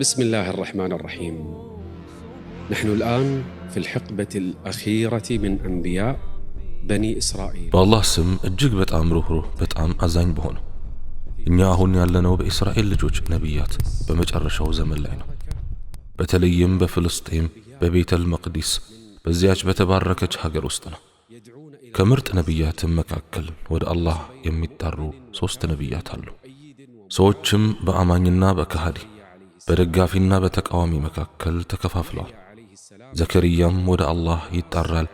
بسم الله الرحمن الرحيم نحن الآن في الحقبة الأخيرة من أنبياء بني إسرائيل والله سم እጅግ በጣም ሩህሩህ በጣም አዛኝ በሆነው እኛ አሁን ያለነው በእስራኤል ልጆች ነቢያት በመጨረሻው ዘመን ላይ ነው። በተለይም በፍልስጤም በቤተል መቅዲስ በዚያች በተባረከች ሀገር ውስጥ ነው። ከምርጥ ነቢያትም መካከል ወደ አላህ የሚጣሩ ሦስት ነቢያት አሉ። ሰዎችም በአማኝና በካሃዲ በደጋፊና በተቃዋሚ መካከል ተከፋፍለዋል። ዘከርያም ወደ አላህ ይጣራል፣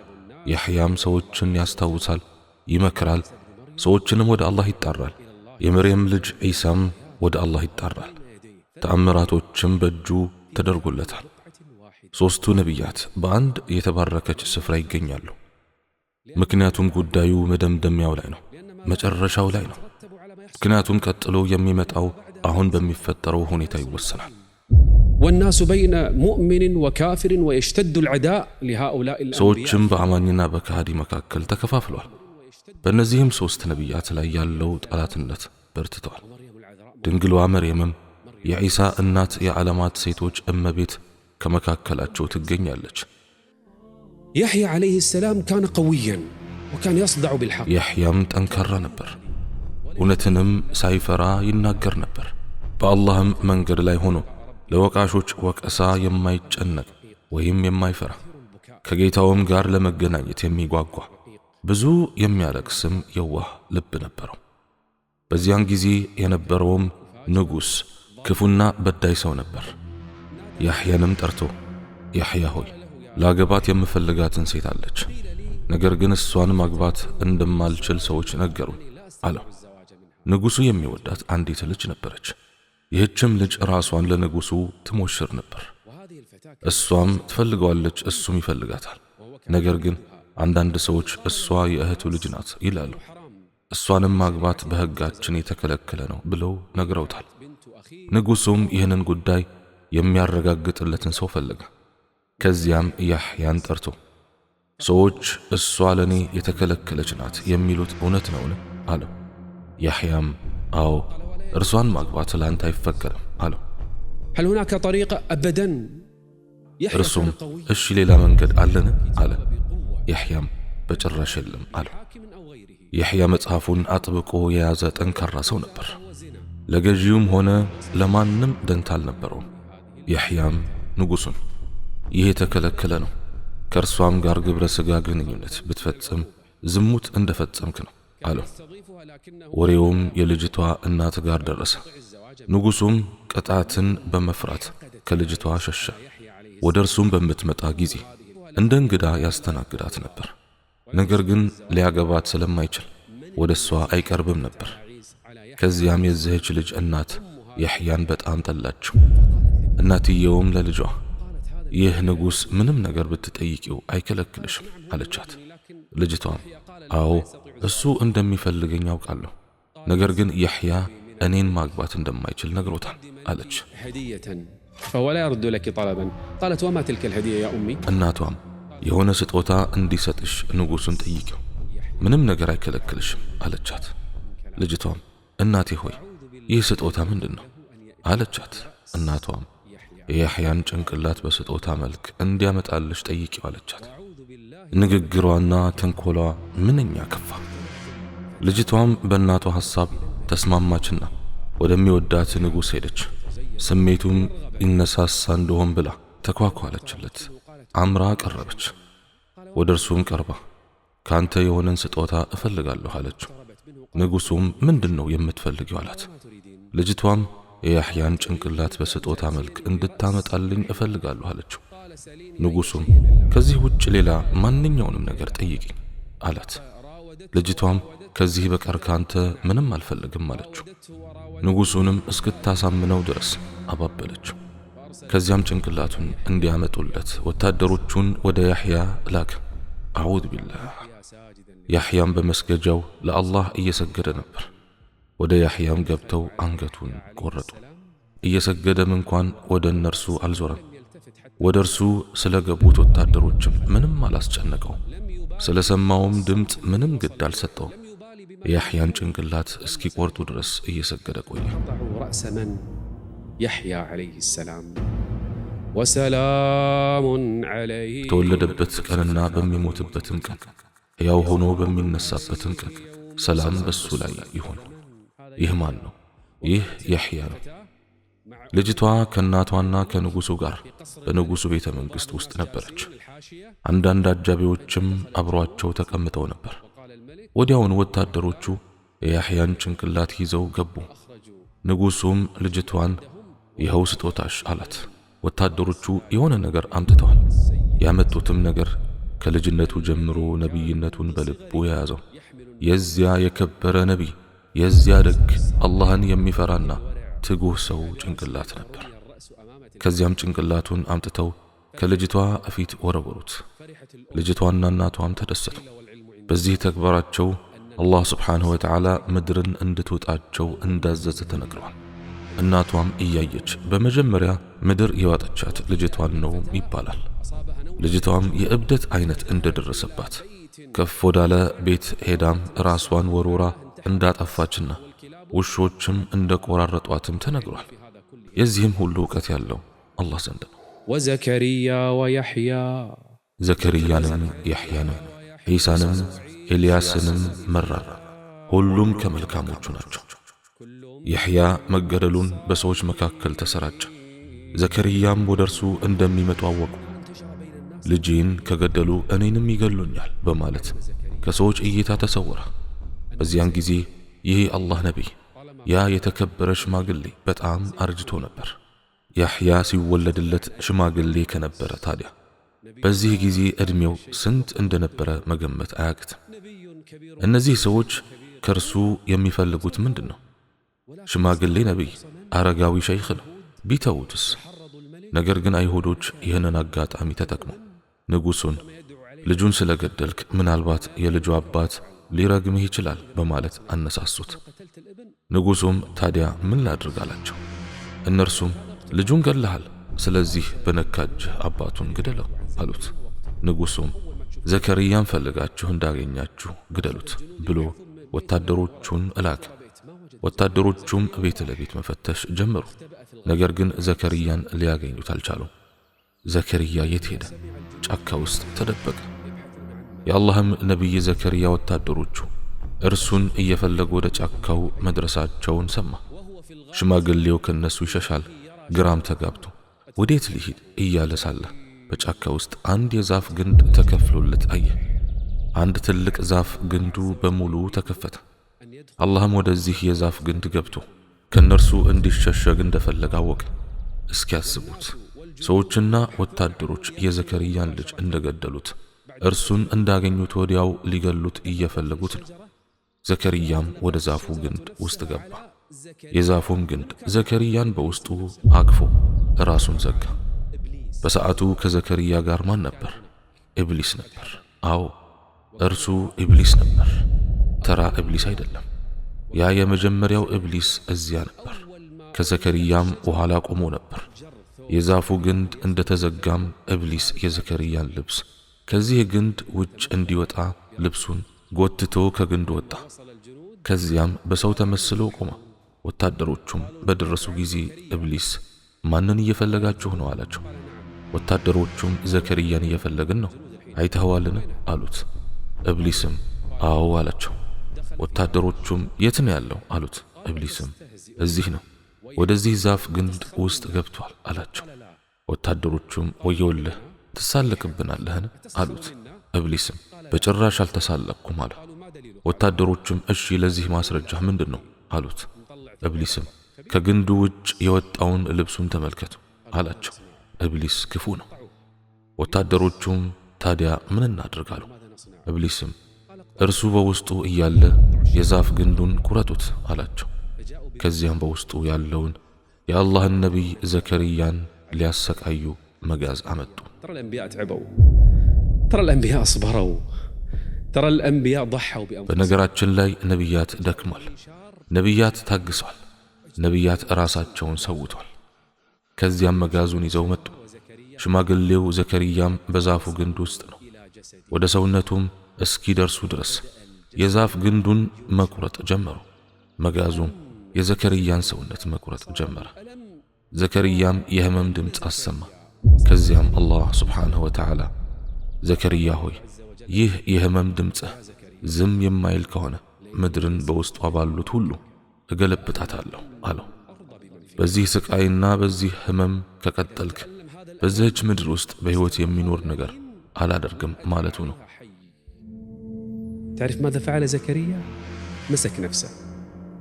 ያሕያም ሰዎችን ያስታውሳል፣ ይመክራል፣ ሰዎችንም ወደ አላህ ይጣራል። የመርየም ልጅ ዒሳም ወደ አላህ ይጣራል፣ ተአምራቶችም በእጁ ተደርጎለታል። ሦስቱ ነቢያት በአንድ የተባረከች ስፍራ ይገኛሉ። ምክንያቱም ጉዳዩ መደምደሚያው ላይ ነው፣ መጨረሻው ላይ ነው። ምክንያቱም ቀጥሎ የሚመጣው አሁን በሚፈጠረው ሁኔታ ይወሰናል። ወናሱ በይነ ሙእሚንን ወካፊርን ወየሽተዱ ልዕዳ ሊሃኡላ ሰዎችም በአማኝና በካሃዲ መካከል ተከፋፍለዋል። በእነዚህም ሦስት ነቢያት ላይ ያለው ጠላትነት በርትተዋል። ድንግሏ መርየምም የዒሳ እናት የዓለማት ሴቶች እመቤት ከመካከላቸው ትገኛለች። ያሕያ ዓለይህ ሰላም ካነ ቀውየን ወካን ያስዳዑ ብልሐቅ። ያሕያም ጠንካራ ነበር፣ እውነትንም ሳይፈራ ይናገር ነበር። በአላህም መንገድ ላይ ሆኖ ለወቃሾች ወቀሳ የማይጨነቅ ወይም የማይፈራ ከጌታውም ጋር ለመገናኘት የሚጓጓ ብዙ የሚያለቅስም የዋህ ልብ ነበረው። በዚያን ጊዜ የነበረውም ንጉሥ ክፉና በዳይ ሰው ነበር። ያሕያንም ጠርቶ ያሕያ ሆይ ላገባት የምፈልጋትን ሴት አለች፣ ነገር ግን እሷን ማግባት እንደማልችል ሰዎች ነገሩኝ አለው። ንጉሡ የሚወዳት አንዲት ልጅ ነበረች። ይህችም ልጅ ራሷን ለንጉሡ ትሞሽር ነበር። እሷም ትፈልገዋለች፣ እሱም ይፈልጋታል። ነገር ግን አንዳንድ ሰዎች እሷ የእህቱ ልጅ ናት ይላሉ፣ እሷንም ማግባት በሕጋችን የተከለከለ ነው ብለው ነግረውታል። ንጉሡም ይህንን ጉዳይ የሚያረጋግጥለትን ሰው ፈለገ። ከዚያም ያሕያን ጠርቶ ሰዎች እሷ ለእኔ የተከለከለች ናት የሚሉት እውነት ነውን? አለው። ያሕያም አዎ እርሷን ማግባት ለአንተ አይፈቀድም አለው። እርሱም እሺ ሌላ መንገድ አለን አለ። ያሕያም በጭራሽ የለም አለው። ያሕያ መጽሐፉን አጥብቆ የያዘ ጠንካራ ሰው ነበር። ለገዢውም ሆነ ለማንም ደንታ አልነበረውም። ያሕያም ንጉሡን ይህ የተከለከለ ነው፣ ከእርሷም ጋር ግብረ ሥጋ ግንኙነት ብትፈጽም ዝሙት እንደ ፈጸምክ ነው አለው። ወሬውም የልጅቷ እናት ጋር ደረሰ። ንጉሡም ቅጣትን በመፍራት ከልጅቷ ሸሸ። ወደ እርሱም በምትመጣ ጊዜ እንደ እንግዳ ያስተናግዳት ነበር። ነገር ግን ሊያገባት ስለማይችል ወደ እሷ አይቀርብም ነበር። ከዚያም የዚህች ልጅ እናት ያሕያን በጣም ጠላችው። እናትየውም ለልጇ ይህ ንጉሥ ምንም ነገር ብትጠይቂው አይከለክልሽም አለቻት። ልጅቷም አዎ እሱ እንደሚፈልገኝ አውቃለሁ፣ ነገር ግን ያሕያ እኔን ማግባት እንደማይችል ነግሮታል አለች። እናቷም የሆነ ስጦታ እንዲሰጥሽ ንጉሡን ጠይቂው፣ ምንም ነገር አይከለክልሽም አለቻት። ልጅቷም እናቴ ሆይ ይህ ስጦታ ምንድን ነው አለቻት። እናቷም የያሕያን ጭንቅላት በስጦታ መልክ እንዲያመጣልሽ ጠይቂው አለቻት። ንግግሯና ተንኮሏ ምንኛ ከፋ። ልጅቷም በእናቷ ሐሳብ ተስማማችና ወደሚወዳት ንጉሥ ሄደች። ስሜቱም ይነሳሳ እንደሆን ብላ ተኳኳለችለት፣ አምራ ቀረበች። ወደ እርሱም ቀርባ ካንተ የሆነን ስጦታ እፈልጋለሁ አለችው። ንጉሡም ምንድን ነው የምትፈልጊው አላት። ልጅቷም የያሕያን ጭንቅላት በስጦታ መልክ እንድታመጣልኝ እፈልጋለሁ አለችው። ንጉሡም ከዚህ ውጭ ሌላ ማንኛውንም ነገር ጠይቂኝ አላት። ልጅቷም ከዚህ በቀር ካንተ ምንም አልፈልግም አለችው። ንጉሡንም እስክታሳምነው ድረስ አባበለችው። ከዚያም ጭንቅላቱን እንዲያመጡለት ወታደሮቹን ወደ ያሕያ ላክ። አዑዝ ቢላህ። ያሕያም በመስገጃው ለአላህ እየሰገደ ነበር። ወደ ያሕያም ገብተው አንገቱን ቆረጡ። እየሰገደም እንኳን ወደ እነርሱ አልዞረም። ወደ እርሱ ስለ ገቡት ወታደሮችም ምንም አላስጨነቀው፣ ስለ ሰማውም ድምፅ ምንም ግድ አልሰጠውም። የያሕያን ጭንቅላት እስኪቆርጡ ድረስ እየሰገደ ቆየ። ያሕያ ዓለይሂ ሰላም ወሰላሙን ዓለይህ የተወለደበት ቀንና በሚሞትበትም ቀን ሕያው ሆኖ በሚነሳበትም ቀን ሰላም በሱ ላይ ይሁን። ይህ ማን ነው? ይህ ያሕያ ነው። ልጅቷ ከእናቷና ከንጉሡ ጋር በንጉሡ ቤተ መንግሥት ውስጥ ነበረች። አንዳንድ አጃቢዎችም አብሯቸው ተቀምጠው ነበር። ወዲያውን ወታደሮቹ የያሕያን ጭንቅላት ይዘው ገቡ። ንጉሡም ልጅቷን ይኸው ስጦታሽ አላት። ወታደሮቹ የሆነ ነገር አምጥተዋል። ያመጡትም ነገር ከልጅነቱ ጀምሮ ነቢይነቱን በልቡ የያዘው የዚያ የከበረ ነቢይ፣ የዚያ ደግ አላህን የሚፈራና ትጉህ ሰው ጭንቅላት ነበር። ከዚያም ጭንቅላቱን አምጥተው ከልጅቷ እፊት ወረወሩት። ልጅቷና እናቷም ተደሰቱ። በዚህ ተግባራቸው አላህ ስብሓንሁ ወተዓላ ምድርን እንድትውጣቸው እንዳዘዘ ተነግሯል። እናቷም እያየች በመጀመሪያ ምድር የዋጠቻት ልጅቷን ነው ይባላል። ልጅቷም የእብደት አይነት እንደደረሰባት ከፍ ወዳለ ቤት ሄዳም ራሷን ወርውራ እንዳጠፋችና ውሾችም እንደቆራረጧትም ተነግሯል። የዚህም ሁሉ እውቀት ያለው አላህ ዘንድ ነው። ወዘከሪያ ወያሕያ ዘከሪያንም ያሕያንም ዒሳንም ኤልያስንም መራን። ሁሉም ከመልካሞቹ ናቸው። የሕያ መገደሉን በሰዎች መካከል ተሰራጨ። ዘከርያም ወደ እርሱ እንደሚመጡ አወቁ። ልጄን ከገደሉ እኔንም ይገሉኛል በማለት ከሰዎች እይታ ተሰወረ። በዚያን ጊዜ ይህ አላህ ነቢይ ያ የተከበረ ሽማግሌ በጣም አርጅቶ ነበር። ያሕያ ሲወለድለት ሽማግሌ ከነበረ ታዲያ በዚህ ጊዜ ዕድሜው ስንት እንደነበረ መገመት አያቅትም። እነዚህ ሰዎች ከእርሱ የሚፈልጉት ምንድን ነው? ሽማግሌ ነቢይ፣ አረጋዊ ሸይኽ ነው። ቢተውትስ? ነገር ግን አይሁዶች ይህንን አጋጣሚ ተጠቅመው ንጉሡን ልጁን ስለገደልክ ምናልባት የልጁ አባት ሊረግምህ ይችላል በማለት አነሳሱት። ንጉሡም ታዲያ ምን ላድርግ አላቸው። እነርሱም ልጁን ገለሃል፣ ስለዚህ በነካጅህ አባቱን ግደለው አሉት። ንጉሡም ዘከርያን ፈልጋችሁ እንዳገኛችሁ ግደሉት ብሎ ወታደሮቹን እላከ። ወታደሮቹም ቤት ለቤት መፈተሽ ጀመሩ። ነገር ግን ዘከርያን ሊያገኙት አልቻሉም። ዘከርያ የት ሄደ? ጫካ ውስጥ ተደበቀ። የአላህም ነቢይ ዘከርያ ወታደሮቹ እርሱን እየፈለጉ ወደ ጫካው መድረሳቸውን ሰማ። ሽማግሌው ከነሱ ይሸሻል። ግራም ተጋብቶ ወዴት ሊሂድ እያለ ሳለ በጫካ ውስጥ አንድ የዛፍ ግንድ ተከፍሎለት አየ። አንድ ትልቅ ዛፍ ግንዱ በሙሉ ተከፈተ። አላህም ወደዚህ የዛፍ ግንድ ገብቶ ከእነርሱ እንዲሸሸግ እንደፈለገ አወቀ። እስኪያስቡት ሰዎችና ወታደሮች የዘከርያን ልጅ እንደገደሉት እርሱን እንዳገኙት ወዲያው ሊገሉት እየፈለጉት ነው። ዘከርያም ወደ ዛፉ ግንድ ውስጥ ገባ። የዛፉም ግንድ ዘከርያን በውስጡ አቅፎ ራሱን ዘጋ። በሰዓቱ ከዘከርያ ጋር ማን ነበር? ኢብሊስ ነበር። አዎ እርሱ ኢብሊስ ነበር። ተራ ኢብሊስ አይደለም። ያ የመጀመሪያው ኢብሊስ እዚያ ነበር። ከዘከርያም በኋላ ቆሞ ነበር። የዛፉ ግንድ እንደ ተዘጋም ኢብሊስ የዘከርያን ልብስ ከዚህ ግንድ ውጭ እንዲወጣ ልብሱን ጎትቶ ከግንድ ወጣ። ከዚያም በሰው ተመስሎ ቆመ። ወታደሮቹም በደረሱ ጊዜ ኢብሊስ ማንን እየፈለጋችሁ ነው አላቸው። ወታደሮቹም ዘከርያን እየፈለግን ነው፣ አይተኸዋልን አሉት። እብሊስም አዎ አላቸው። ወታደሮቹም የት ነው ያለው አሉት። እብሊስም እዚህ ነው፣ ወደዚህ ዛፍ ግንድ ውስጥ ገብቷል አላቸው። ወታደሮቹም ወየውልህ ትሳለቅብናለህን አሉት። እብሊስም በጭራሽ አልተሳለቅኩም አለ። ወታደሮቹም እሺ ለዚህ ማስረጃ ምንድን ነው አሉት። እብሊስም ከግንዱ ውጭ የወጣውን ልብሱን ተመልከቱ አላቸው። እብሊስ ክፉ ነው። ወታደሮቹም ታዲያ ምን እናድርግ እብሊስም እርሱ በውስጡ እያለ የዛፍ ግንዱን ቁረጡት አላቸው። ከዚያም በውስጡ ያለውን የአላህን ነቢይ ዘከርያን ሊያሰቃዩ መጋዝ አመጡ። በነገራችን ላይ ነቢያት ደክሟል። ነቢያት ታግሷል። ነቢያት ራሳቸውን ሰውቷል። ከዚያም መጋዙን ይዘው መጡ። ሽማግሌው ዘከርያም በዛፉ ግንድ ውስጥ ነው። ወደ ሰውነቱም እስኪደርሱ ድረስ የዛፍ ግንዱን መቁረጥ ጀመሩ። መጋዙም የዘከርያን ሰውነት መቁረጥ ጀመረ። ዘከርያም የህመም ድምፅ አሰማ። ከዚያም አላህ ስብሓንሁ ወተዓላ ዘከርያ ሆይ ይህ የህመም ድምፅህ ዝም የማይል ከሆነ ምድርን በውስጧ ባሉት ሁሉ እገለብጣታለሁ አለው። በዚህ ስቃይና በዚህ ህመም ከቀጠልክ በዚህች ምድር ውስጥ በሕይወት የሚኖር ነገር አላደርግም ማለቱ ነው። ታሪፍ ማዘ ፈዓለ ዘከርያ መሰክ ነፍሰ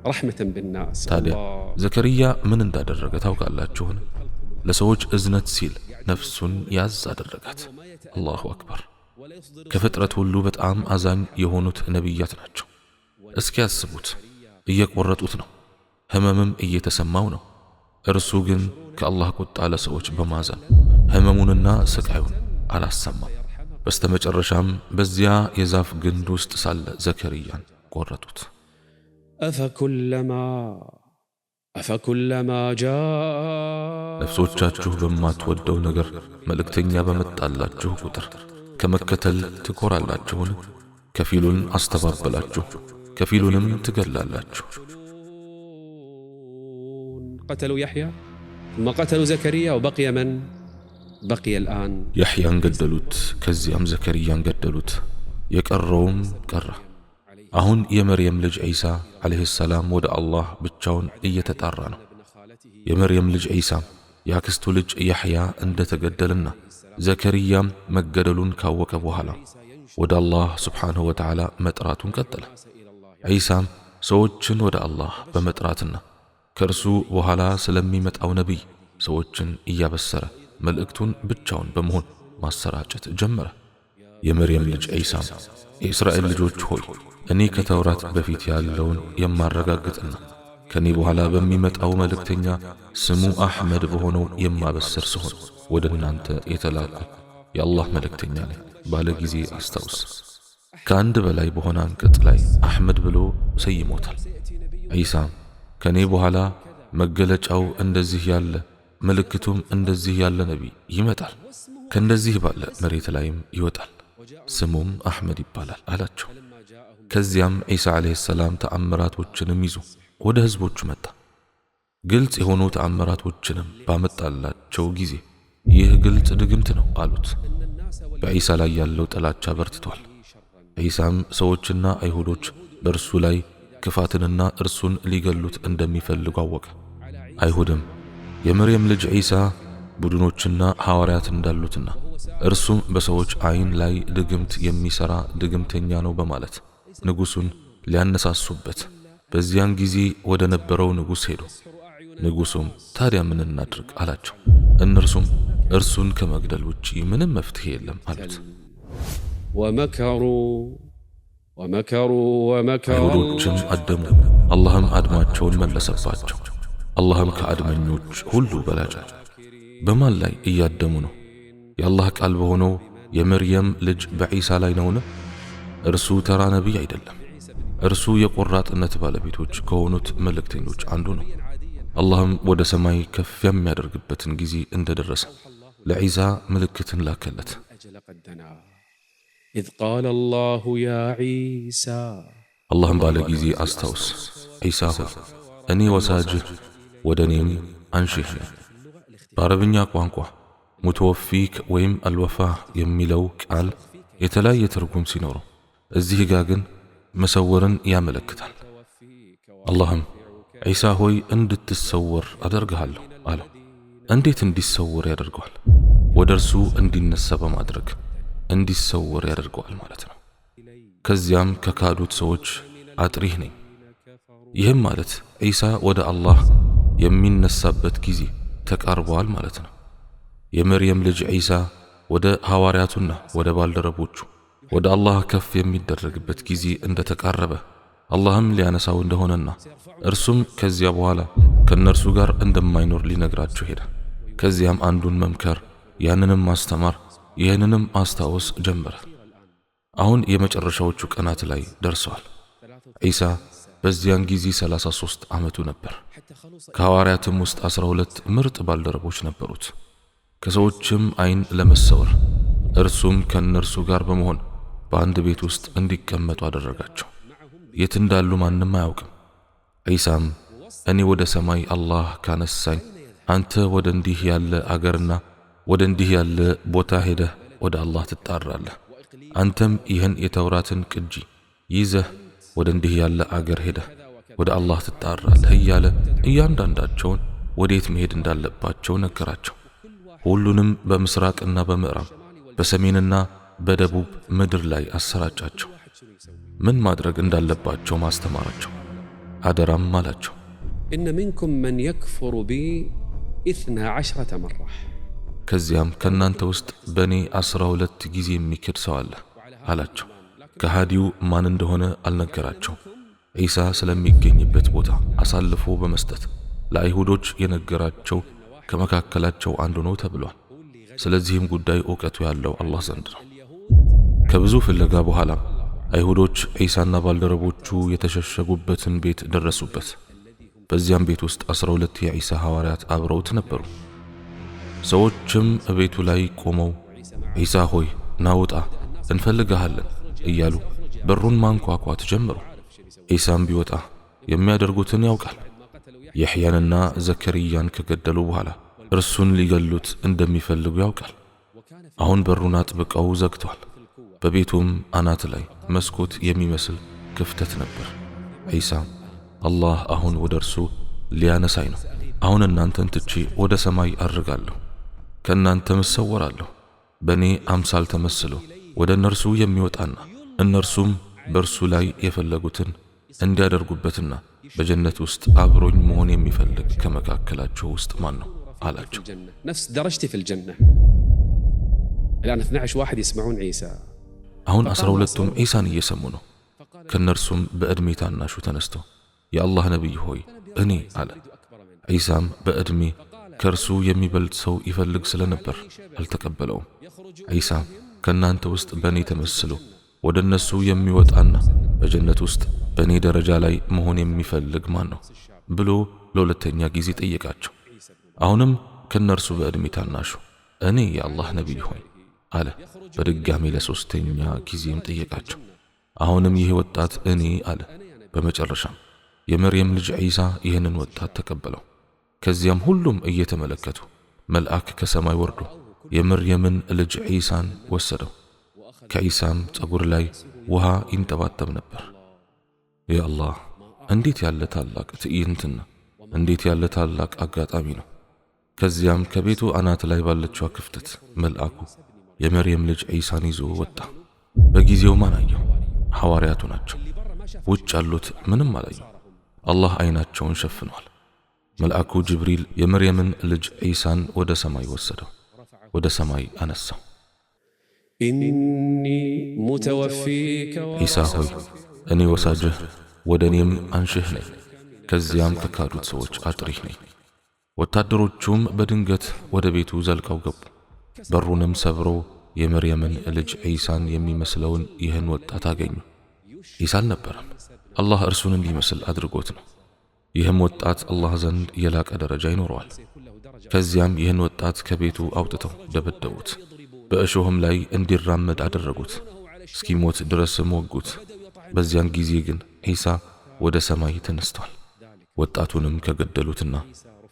ረሕመተን ብናስ። ታዲያ ዘከሪያ ምን እንዳደረገ ታውቃላችሁን? ለሰዎች እዝነት ሲል ነፍሱን ያዝ አደረጋት። አላሁ አክበር። ከፍጥረት ሁሉ በጣም አዛኝ የሆኑት ነቢያት ናቸው። እስኪ ያስቡት፣ እየቆረጡት ነው፣ ህመምም እየተሰማው ነው። እርሱ ግን ከአላህ ቁጣ ለሰዎች በማዘን ህመሙንና ስቃዩን አላሰማም። በስተመጨረሻም በዚያ የዛፍ ግንድ ውስጥ ሳለ ዘከርያን ቆረጡት። አፈኩለማ ጃ ነፍሶቻችሁ በማትወደው ነገር መልእክተኛ በመጣላችሁ ቁጥር ከመከተል ትኮራላችሁን? ከፊሉን አስተባበላችሁ፣ ከፊሉንም ትገላላችሁ። ቀተሉ ያሕያ ቀተሉ ዘከርያ ወበቅየ መን ያሕያን ገደሉት። ከዚያም ዘከርያን ገደሉት። የቀረውም ቀረ። አሁን የመርየም ልጅ ዒሳ ዓለይህ ሰላም ወደ አላህ ብቻውን እየተጣራ ነው። የመርየም ልጅ ዒሳም የአክስቱ ልጅ ያሕያ እንደ ተገደልና ዘከርያም መገደሉን ካወቀ በኋላ ወደ አላህ ስብሓንሁ ወተዓላ መጥራቱን ቀጠለ። ዒሳም ሰዎችን ወደ አላህ በመጥራትና ከእርሱ በኋላ ስለሚመጣው ነቢይ ሰዎችን እያበሰረ መልእክቱን ብቻውን በመሆን ማሰራጨት ጀመረ። የመርየም ልጅ ዒሳም የእስራኤል ልጆች ሆይ እኔ ከተውራት በፊት ያለውን የማረጋግጥና ከኔ በኋላ በሚመጣው መልእክተኛ ስሙ አሕመድ በሆነው የማበስር ስሆን ወደ እናንተ የተላኩ የአላህ መልእክተኛ ነኝ ባለ ጊዜ አስታውስ። ከአንድ በላይ በሆነ አንቀጽ ላይ አሕመድ ብሎ ሰይሞታል። ዒሳም ከኔ በኋላ መገለጫው እንደዚህ ያለ ምልክቱም እንደዚህ ያለ ነቢይ ይመጣል፣ ከእንደዚህ ባለ መሬት ላይም ይወጣል፣ ስሙም አሕመድ ይባላል አላቸው። ከዚያም ዒሳ ዓለይሂ ሰላም ተአምራቶችንም ይዞ ወደ ሕዝቦቹ መጣ። ግልጽ የሆኑ ተአምራቶችንም ባመጣላቸው ጊዜ ይህ ግልጽ ድግምት ነው አሉት። በዒሳ ላይ ያለው ጥላቻ በርትቷል። ዒሳም ሰዎችና አይሁዶች በእርሱ ላይ ክፋትንና እርሱን ሊገሉት እንደሚፈልጉ አወቀ። አይሁድም የመርየም ልጅ ዒሳ ቡድኖችና ሐዋርያት እንዳሉትና እርሱም በሰዎች ዐይን ላይ ድግምት የሚሠራ ድግምተኛ ነው በማለት ንጉሡን ሊያነሳሱበት በዚያን ጊዜ ወደ ነበረው ንጉሥ ሄዱ። ንጉሡም ታዲያ ምን እናድርግ አላቸው። እነርሱም እርሱን ከመግደል ውጪ ምንም መፍትሄ የለም አሉት። ወመከሩ ወመከሩ ወመከሩ አይሁዶችም አደሙ፣ አላህም አድማቸውን መለሰባቸው። አላህም ከአድመኞች ሁሉ በላጭ በማን ላይ እያደሙ ነው? የአላህ ቃል በሆነው የመርየም ልጅ በዒሳ ላይ ነውን? እርሱ ተራ ነቢይ አይደለም። እርሱ የቆራጥነት ባለቤቶች ከሆኑት መልእክተኞች አንዱ ነው። አላህም ወደ ሰማይ ከፍ የሚያደርግበትን ጊዜ እንደደረሰ ለዒሳ ምልክትን ላከለት። አላህም ባለ ጊዜ አስታውስ ዒሳ ሆይ እኔ ወሳጅህ ወደ እኔም አንሺህ በአረብኛ ቋንቋ ሙተወፊክ ወይም አልወፋ የሚለው ቃል የተለያየ ትርጉም ሲኖረው እዚህ ጋር ግን መሰወርን ያመለክታል። አላህም ዒሳ ሆይ እንድትሰወር አደርግሃለሁ አለው። እንዴት እንዲሰወር ያደርገዋል? ወደ እርሱ እንዲነሳ በማድረግ እንዲሰወር ያደርገዋል ማለት ነው። ከዚያም ከካዱት ሰዎች አጥሪህ ነኝ። ይህም ማለት ዒሳ ወደ አላህ የሚነሳበት ጊዜ ተቃርቧል ማለት ነው። የመርየም ልጅ ዒሳ ወደ ሐዋርያቱና ወደ ባልደረቦቹ ወደ አላህ ከፍ የሚደረግበት ጊዜ እንደተቃረበ አላህም ሊያነሳው እንደሆነና እርሱም ከዚያ በኋላ ከእነርሱ ጋር እንደማይኖር ሊነግራቸው ሄደ። ከዚያም አንዱን መምከር፣ ያንንም ማስተማር፣ ይህንንም ማስታወስ ጀመረ። አሁን የመጨረሻዎቹ ቀናት ላይ ደርሰዋል። ዒሳ በዚያን ጊዜ 33 ዓመቱ ነበር። ከሐዋርያትም ውስጥ 12 ምርጥ ባልደረቦች ነበሩት። ከሰዎችም አይን ለመሰወር እርሱም ከእነርሱ ጋር በመሆን በአንድ ቤት ውስጥ እንዲቀመጡ አደረጋቸው። የት እንዳሉ ማንም አያውቅም። ዒሳም እኔ ወደ ሰማይ አላህ ካነሳኝ አንተ ወደ እንዲህ ያለ አገርና ወደ እንዲህ ያለ ቦታ ሄደህ ወደ አላህ ትጣራለህ። አንተም ይህን የተውራትን ቅጂ ይዘህ ወደ እንዲህ ያለ አገር ሄደህ ወደ አላህ ትጣራለህ እያለ እያንዳንዳቸውን ወዴት መሄድ እንዳለባቸው ነገራቸው። ሁሉንም በምስራቅና በምዕራብ በሰሜንና በደቡብ ምድር ላይ አሰራጫቸው። ምን ማድረግ እንዳለባቸው ማስተማራቸው። አደራም አላቸው እነ ምንኩም መን የክፉሩ ቢ ኢትና ዐሽረተ መራ ከዚያም ከእናንተ ውስጥ በእኔ ዐሥራ ሁለት ጊዜ የሚክድ ሰው አለ አላቸው። ከሃዲው ማን እንደሆነ አልነገራቸው። ዒሳ ስለሚገኝበት ቦታ አሳልፎ በመስጠት ለአይሁዶች የነገራቸው ከመካከላቸው አንዱ ነው ተብሏል። ስለዚህም ጉዳይ እውቀቱ ያለው አላህ ዘንድ ነው። ከብዙ ፍለጋ በኋላም አይሁዶች ዒሳና ባልደረቦቹ የተሸሸጉበትን ቤት ደረሱበት። በዚያም ቤት ውስጥ አስራ ሁለት የዒሳ ሐዋርያት አብረውት ነበሩ። ሰዎችም ቤቱ ላይ ቆመው ዒሳ ሆይ ናውጣ እንፈልግሃለን እያሉ በሩን ማንኳኳት ጀመሩ። ኢሳም ቢወጣ የሚያደርጉትን ያውቃል። የሕያንና ዘከርያን ከገደሉ በኋላ እርሱን ሊገሉት እንደሚፈልጉ ያውቃል። አሁን በሩን አጥብቀው ዘግተዋል። በቤቱም አናት ላይ መስኮት የሚመስል ክፍተት ነበር። ዒሳም አላህ አሁን ወደ እርሱ ሊያነሳኝ ነው። አሁን እናንተን ትቼ ወደ ሰማይ አድርጋለሁ፣ ከእናንተም እሰወራለሁ። በእኔ አምሳል ተመስሎ ወደ እነርሱ የሚወጣና እነርሱም በእርሱ ላይ የፈለጉትን እንዲያደርጉበትና በጀነት ውስጥ አብሮኝ መሆን የሚፈልግ ከመካከላቸው ውስጥ ማን ነው አላቸው። ነፍስ ደረጅቲ ፊል ጀና الآن 12 واحد يسمعون عيسى አሁን አስራ ሁለቱም ዒሳን እየሰሙ ነው። ከእነርሱም በዕድሜ ታናሹ ተነስቶ የአላህ ነቢይ ሆይ እኔ አለ። ዒሳም በዕድሜ ከእርሱ የሚበልጥ ሰው ይፈልግ ስለነበር አልተቀበለውም። ዒሳ ከእናንተ ውስጥ በእኔ ተመስሎ ወደ እነሱ የሚወጣና በጀነት ውስጥ በእኔ ደረጃ ላይ መሆን የሚፈልግ ማን ነው ብሎ ለሁለተኛ ጊዜ ጠየቃቸው። አሁንም ከእነርሱ በዕድሜ ታናሹ እኔ የአላህ ነቢይ ሆይ አለ። በድጋሚ ለሶስተኛ ጊዜም ጠየቃቸው። አሁንም ይሄ ወጣት እኔ አለ። በመጨረሻም የመርየም ልጅ ዒሳ ይህንን ወጣት ተቀበለው። ከዚያም ሁሉም እየተመለከቱ መልአክ ከሰማይ ወርዶ የመርየምን ልጅ ዒሳን ወሰደው። ከኢሳም ጸጉር ላይ ውሃ ይንጠባጠብ ነበር። የአላህ እንዴት ያለ ታላቅ ትዕይንትና እንዴት ያለ ታላቅ አጋጣሚ ነው! ከዚያም ከቤቱ አናት ላይ ባለችዋ ክፍተት መልአኩ የመርየም ልጅ ዒሳን ይዞ ወጣ። በጊዜው ማን አየው? ሐዋርያቱ ናቸው። ውጭ ያሉት ምንም አላዩ። አላህ ዐይናቸውን ሸፍኗል። መልአኩ ጅብሪል የመርየምን ልጅ ዒሳን ወደ ሰማይ ወሰደው፣ ወደ ሰማይ አነሳው። ኢሳ ሆይ እኔ ወሳጅህ ወደ እኔም አንሽህ ነኝ፣ ከዚያም ከካዱት ሰዎች አጥሪህ ነኝ። ወታደሮቹም በድንገት ወደ ቤቱ ዘልቀው ገቡ። በሩንም ሰብረው የመርየምን ልጅ ዒሳን የሚመስለውን ይህን ወጣት አገኙ። ዒሳ አልነበረም፣ አላህ እርሱን እንዲመስል አድርጎት ነው። ይህም ወጣት አላህ ዘንድ የላቀ ደረጃ ይኖረዋል። ከዚያም ይህን ወጣት ከቤቱ አውጥተው ደበደቡት። በእሾህም ላይ እንዲራመድ አደረጉት፣ እስኪሞት ድረስም ወጉት። በዚያን ጊዜ ግን ዒሳ ወደ ሰማይ ተነስቷል። ወጣቱንም ከገደሉትና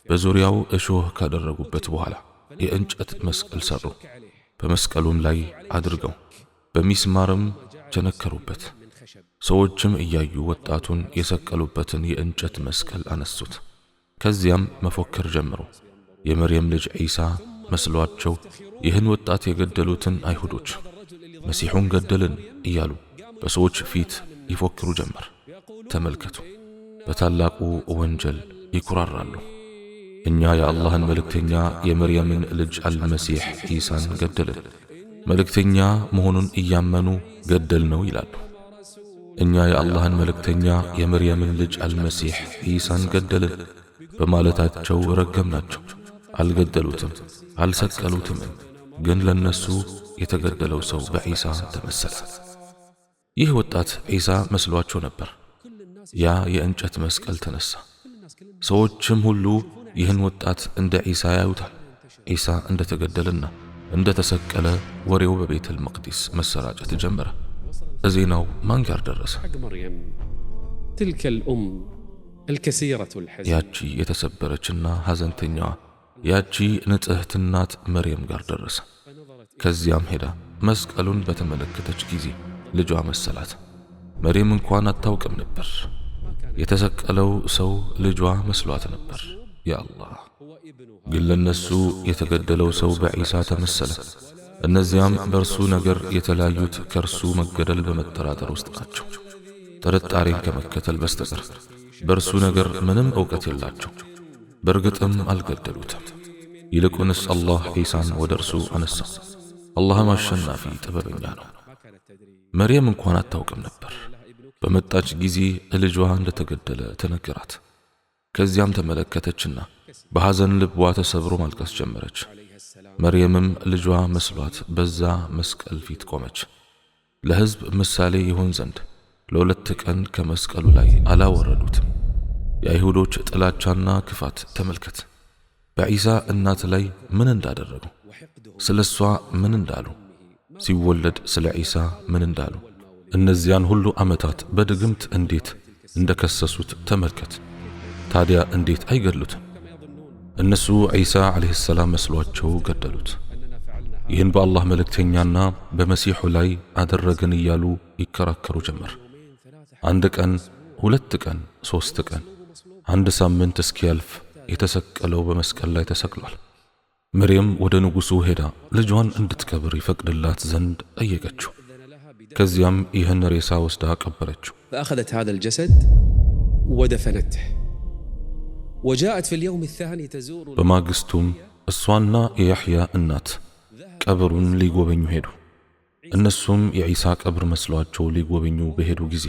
በዙሪያው እሾህ ካደረጉበት በኋላ የእንጨት መስቀል ሰሩ። በመስቀሉም ላይ አድርገው በሚስማርም ቸነከሩበት። ሰዎችም እያዩ ወጣቱን የሰቀሉበትን የእንጨት መስቀል አነሱት። ከዚያም መፎከር ጀመሩ። የመርየም ልጅ ዒሳ መስሏቸው ይህን ወጣት የገደሉትን አይሁዶች መሲሑን ገደልን እያሉ በሰዎች ፊት ይፎክሩ ጀመር። ተመልከቱ፣ በታላቁ ወንጀል ይኩራራሉ። እኛ የአላህን መልእክተኛ የመርየምን ልጅ አልመሲሕ ኢሳን ገደልን፣ መልእክተኛ መሆኑን እያመኑ ገደል ነው ይላሉ። እኛ የአላህን መልእክተኛ የመርየምን ልጅ አልመሲሕ ኢሳን ገደልን በማለታቸው ረገምናቸው፣ አልገደሉትም፣ አልሰቀሉትም ግን ለነሱ የተገደለው ሰው በዒሳ ተመሰለ። ይህ ወጣት ዒሳ መስሏቸው ነበር። ያ የእንጨት መስቀል ተነሳ። ሰዎችም ሁሉ ይህን ወጣት እንደ ዒሳ ያዩታል። ዒሳ እንደ ተገደለና እንደ ተሰቀለ ወሬው በቤተል መቅዲስ መሰራጨት ጀመረ። ዜናው ማን ጋር ደረሰ? ያቺ የተሰበረችና ሐዘንተኛዋ ያቺ ንጽሕት እናት መርየም ጋር ደረሰ። ከዚያም ሄዳ መስቀሉን በተመለከተች ጊዜ ልጇ መሰላት። መርየም እንኳን አታውቅም ነበር። የተሰቀለው ሰው ልጇ መስሏት ነበር። ያአላህ ግን ለእነሱ የተገደለው ሰው በዒሳ ተመሰለ። እነዚያም በእርሱ ነገር የተለያዩት ከእርሱ መገደል በመጠራጠር ውስጥ ናቸው፣ ጥርጣሬን ከመከተል በስተቀር በእርሱ ነገር ምንም ዕውቀት የላቸው። በእርግጥም አልገደሉትም። ይልቁንስ አላህ ዒሳን ወደ እርሱ አነሳው። አላህም አሸናፊ ጥበበኛ ነው። መርየም እንኳን አታውቅም ነበር። በመጣች ጊዜ ልጇ እንደተገደለ ተነገራት። ከዚያም ተመለከተችና በሐዘን ልቧ ተሰብሮ ማልቀስ ጀመረች። መርየምም ልጇ መስሏት በዛ መስቀል ፊት ቆመች። ለሕዝብ ምሳሌ ይሆን ዘንድ ለሁለት ቀን ከመስቀሉ ላይ አላወረዱትም። የአይሁዶች ጥላቻና ክፋት ተመልከት። በዒሳ እናት ላይ ምን እንዳደረጉ፣ ስለ እሷ ምን እንዳሉ፣ ሲወለድ ስለ ዒሳ ምን እንዳሉ፣ እነዚያን ሁሉ ዓመታት በድግምት እንዴት እንደ ከሰሱት ተመልከት። ታዲያ እንዴት አይገድሉትም? እነሱ ዒሳ ዓለይሂ ሰላም መስሏቸው ገደሉት። ይህን በአላህ መልእክተኛና በመሲሑ ላይ አደረግን እያሉ ይከራከሩ ጀመር። አንድ ቀን፣ ሁለት ቀን፣ ሦስት ቀን አንድ ሳምንት እስኪያልፍ የተሰቀለው በመስቀል ላይ ተሰቅሏል። መርየም ወደ ንጉሡ ሄዳ ልጇን እንድትቀብር ይፈቅድላት ዘንድ ጠየቀችው። ከዚያም ይህን ሬሳ ወስዳ ቀበረችው። ፈአኸዘት ሃዛ ልጀሰድ ወደፈነት ወጃአት ፊ ልየውም አልታኒ ተዙሩ። በማግስቱም እሷና የያሕያ እናት ቀብሩን ሊጎበኙ ሄዱ። እነሱም የዒሳ ቀብር መስሏቸው ሊጎበኙ በሄዱ ጊዜ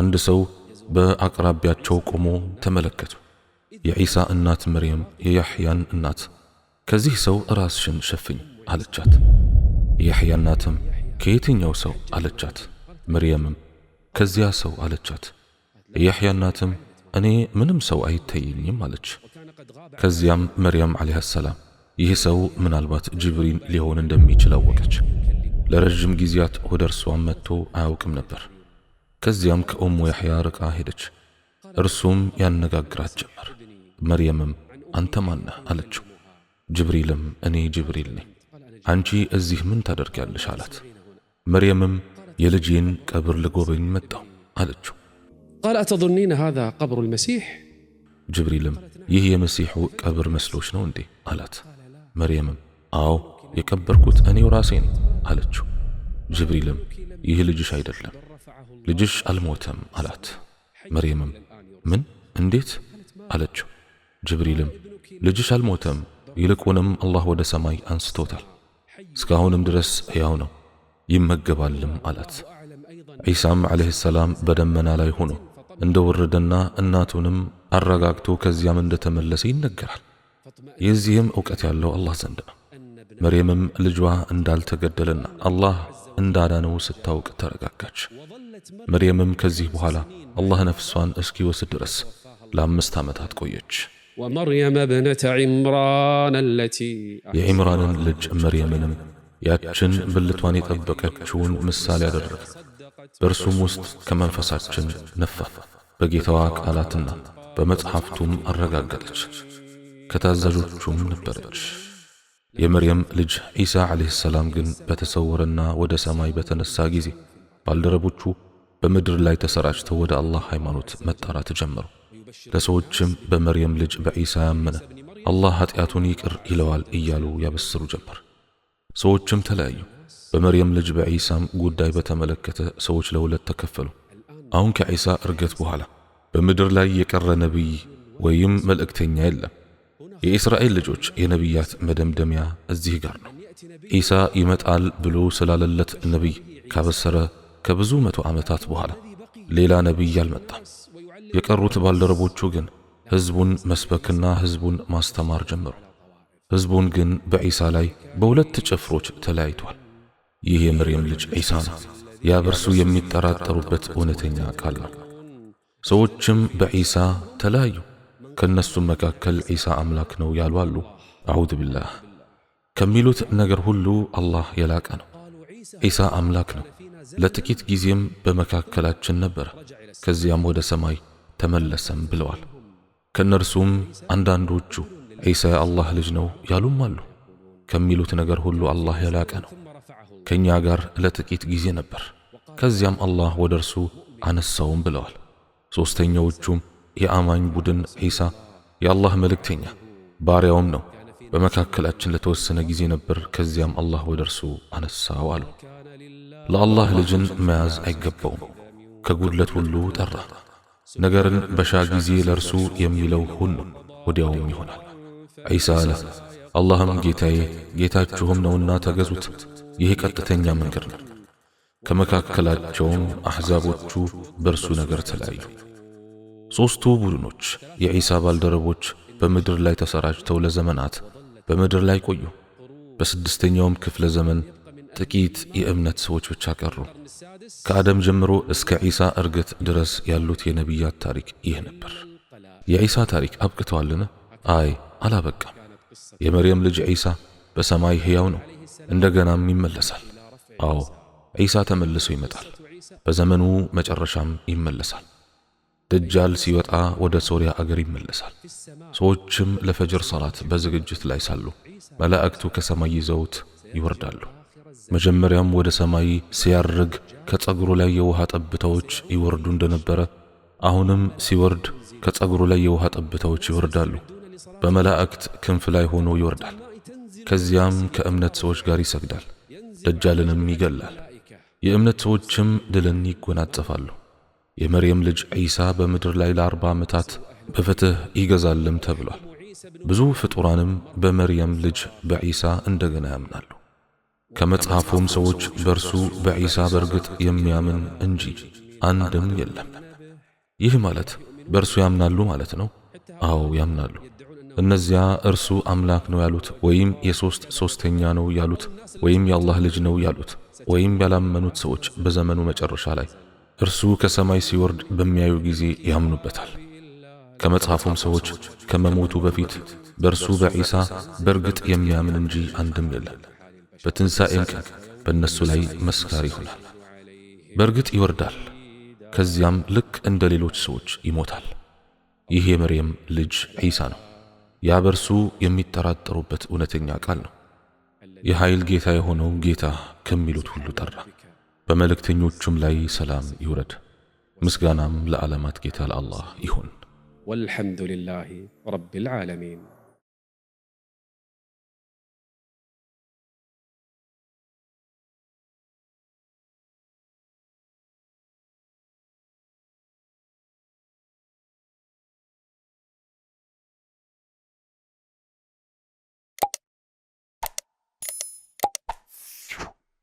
አንድ ሰው በአቅራቢያቸው ቆሞ ተመለከቱ። የዒሳ እናት መርየም የያሕያን እናት ከዚህ ሰው ራስሽን ሸፍኝ አለቻት። የያሕያ እናትም ከየትኛው ሰው አለቻት። መርየምም ከዚያ ሰው አለቻት። የያሕያ እናትም እኔ ምንም ሰው አይታየኝም አለች። ከዚያም መርያም ዓለይሃ ሰላም ይህ ሰው ምናልባት ጅብሪል ሊሆን እንደሚችል አወቀች። ለረዥም ጊዜያት ወደ እርሷም መጥቶ አያውቅም ነበር። ከዚያም ከኡሙ ያሕያ ርቃ ሄደች። እርሱም ያነጋግራት ጀመር። መርየምም አንተ ማነህ አለችው። ጅብሪልም እኔ ጅብሪል ነኝ፣ አንቺ እዚህ ምን ታደርጊያለሽ አላት። መርየምም የልጄን ቀብር ልጎበኝ መጣው አለችው። ቃል አተظኒነ ሃዛ ቀብሩ ልመሲሕ ጅብሪልም ይህ የመሲሑ ቀብር መስሎች ነው እንዴ አላት። መርየምም አዎ የቀበርኩት እኔው ራሴ ነው አለችው። ጅብሪልም ይህ ልጅሽ አይደለም ልጅሽ አልሞተም አላት። መርየምም ምን እንዴት አለችው። ጅብሪልም ልጅሽ አልሞተም፣ ይልቁንም አላህ ወደ ሰማይ አንስቶታል፣ እስካሁንም ድረስ ሕያው ነው፣ ይመገባልም አላት። ዒሳም ዓለይህ ሰላም በደመና ላይ ሆኖ እንደ ወረደና እናቱንም አረጋግቶ ከዚያም እንደተመለሰ ይነገራል። የዚህም እውቀት ያለው አላህ ዘንድ ነው። መርየምም ልጇ እንዳልተገደለና አላህ እንዳዳነው ስታውቅ ተረጋጋች። መርየምም ከዚህ በኋላ አላህ ነፍሷን እስኪወስድ ድረስ ለአምስት ዓመታት ቆየች። ወመርየም ብነተ ዒምራን አለቲ የዒምራንን ልጅ መርየምንም ያችን ብልቷን የጠበቀችውን ምሳሌ አደረገ። በእርሱም ውስጥ ከመንፈሳችን ነፋ። በጌታዋ ቃላትና በመጽሐፍቱም አረጋገጠች፣ ከታዛዦቹም ነበረች። የመርየም ልጅ ዒሳ ዓለይህ ሰላም ግን በተሰወረና ወደ ሰማይ በተነሳ ጊዜ ባልደረቦቹ በምድር ላይ ተሰራጭተው ወደ አላህ ሃይማኖት መጣራት ጀመሩ። ለሰዎችም በመርየም ልጅ በዒሳ አመነ አላህ ኃጢአቱን ይቅር ይለዋል እያሉ ያበስሩ ጀመር። ሰዎችም ተለያዩ። በመርየም ልጅ በዒሳም ጉዳይ በተመለከተ ሰዎች ለሁለት ተከፈሉ። አሁን ከዒሳ እርገት በኋላ በምድር ላይ የቀረ ነቢይ ወይም መልእክተኛ የለም። የእስራኤል ልጆች የነቢያት መደምደሚያ እዚህ ጋር ነው። ዒሳ ይመጣል ብሎ ስላለለት ነቢይ ካበሰረ ከብዙ መቶ ዓመታት በኋላ ሌላ ነቢይ አልመጣም። የቀሩት ባልደረቦቹ ግን ሕዝቡን መስበክና ሕዝቡን ማስተማር ጀመሩ። ሕዝቡን ግን በዒሳ ላይ በሁለት ጭፍሮች ተለያይቷል። ይህ የመርየም ልጅ ዒሳ ነው፣ ያ በርሱ የሚጠራጠሩበት እውነተኛ ቃል ነው። ሰዎችም በዒሳ ተለያዩ። ከእነሱም መካከል ዒሳ አምላክ ነው ያሉ አሉ። ቢላህ ከሚሉት ነገር ሁሉ አላህ የላቀ ነው። ዒሳ አምላክ ነው ለጥቂት ጊዜም በመካከላችን ነበር፣ ከዚያም ወደ ሰማይ ተመለሰም ብለዋል። ከእነርሱም አንዳንዶቹ ዒሳ የአላህ ልጅ ነው ያሉም አሉ። ከሚሉት ነገር ሁሉ አላህ የላቀ ነው። ከእኛ ጋር ለጥቂት ጊዜ ነበር፣ ከዚያም አላህ ወደ እርሱ አነሳውም ብለዋል። ሦስተኛዎቹም የአማኝ ቡድን ዒሳ የአላህ መልእክተኛ ባሪያውም ነው፣ በመካከላችን ለተወሰነ ጊዜ ነበር፣ ከዚያም አላህ ወደ እርሱ አነሳው አሉ። ለአላህ ልጅን መያዝ አይገባውም። ከጉድለት ሁሉ ጠራ። ነገርን በሻ ጊዜ ለእርሱ የሚለው ሁሉ ወዲያውም ይሆናል። ዒሳ አለ፣ አላህም ጌታዬ ጌታችሁም ነውና ተገዙት። ይህ ቀጥተኛ መንገድ ነው። ከመካከላቸውም አሕዛቦቹ በእርሱ ነገር ተለያዩ። ሦስቱ ቡድኖች የዒሳ ባልደረቦች በምድር ላይ ተሰራጭተው ለዘመናት በምድር ላይ ቆዩ። በስድስተኛውም ክፍለ ዘመን ጥቂት የእምነት ሰዎች ብቻ ቀሩ። ከአደም ጀምሮ እስከ ዒሳ እርገት ድረስ ያሉት የነቢያት ታሪክ ይህ ነበር። የዒሳ ታሪክ አብቅተዋልን? አይ አላበቃም። የመርየም ልጅ ዒሳ በሰማይ ሕያው ነው፣ እንደገናም ይመለሳል። አዎ ዒሳ ተመልሶ ይመጣል። በዘመኑ መጨረሻም ይመለሳል። ደጃል ሲወጣ ወደ ሶርያ አገር ይመለሳል። ሰዎችም ለፈጅር ሰላት በዝግጅት ላይ ሳሉ መላእክቱ ከሰማይ ይዘውት ይወርዳሉ። መጀመሪያም ወደ ሰማይ ሲያርግ ከጸጉሩ ላይ የውሃ ጠብታዎች ይወርዱ እንደነበረ አሁንም ሲወርድ ከጸጉሩ ላይ የውሃ ጠብታዎች ይወርዳሉ። በመላእክት ክንፍ ላይ ሆኖ ይወርዳል። ከዚያም ከእምነት ሰዎች ጋር ይሰግዳል፣ ደጃልንም ይገላል። የእምነት ሰዎችም ድልን ይጎናጸፋሉ። የመርየም ልጅ ዒሳ በምድር ላይ ለአርባ ዓመታት በፍትሕ ይገዛልም ተብሏል። ብዙ ፍጡራንም በመርየም ልጅ በዒሳ እንደገና ያምናሉ። ከመጽሐፉም ሰዎች በእርሱ በዒሳ በርግጥ የሚያምን እንጂ አንድም የለም። ይህ ማለት በእርሱ ያምናሉ ማለት ነው። አዎ ያምናሉ። እነዚያ እርሱ አምላክ ነው ያሉት ወይም የሦስት ሦስተኛ ነው ያሉት ወይም የአላህ ልጅ ነው ያሉት ወይም ያላመኑት ሰዎች በዘመኑ መጨረሻ ላይ እርሱ ከሰማይ ሲወርድ በሚያዩ ጊዜ ያምኑበታል። ከመጽሐፉም ሰዎች ከመሞቱ በፊት በእርሱ በዒሳ በርግጥ የሚያምን እንጂ አንድም የለም። በትንሣኤም ቀን በእነሱ ላይ መስካሪ ይሆናል። በእርግጥ ይወርዳል፣ ከዚያም ልክ እንደ ሌሎች ሰዎች ይሞታል። ይህ የመርየም ልጅ ዒሳ ነው። ያ በርሱ የሚጠራጠሩበት እውነተኛ ቃል ነው። የኃይል ጌታ የሆነው ጌታ ከሚሉት ሁሉ ጠራ። በመልእክተኞቹም ላይ ሰላም ይውረድ፣ ምስጋናም ለዓለማት ጌታ ለአላህ ይሁን። ወልሐምዱሊላሂ ረቢል ዓለሚን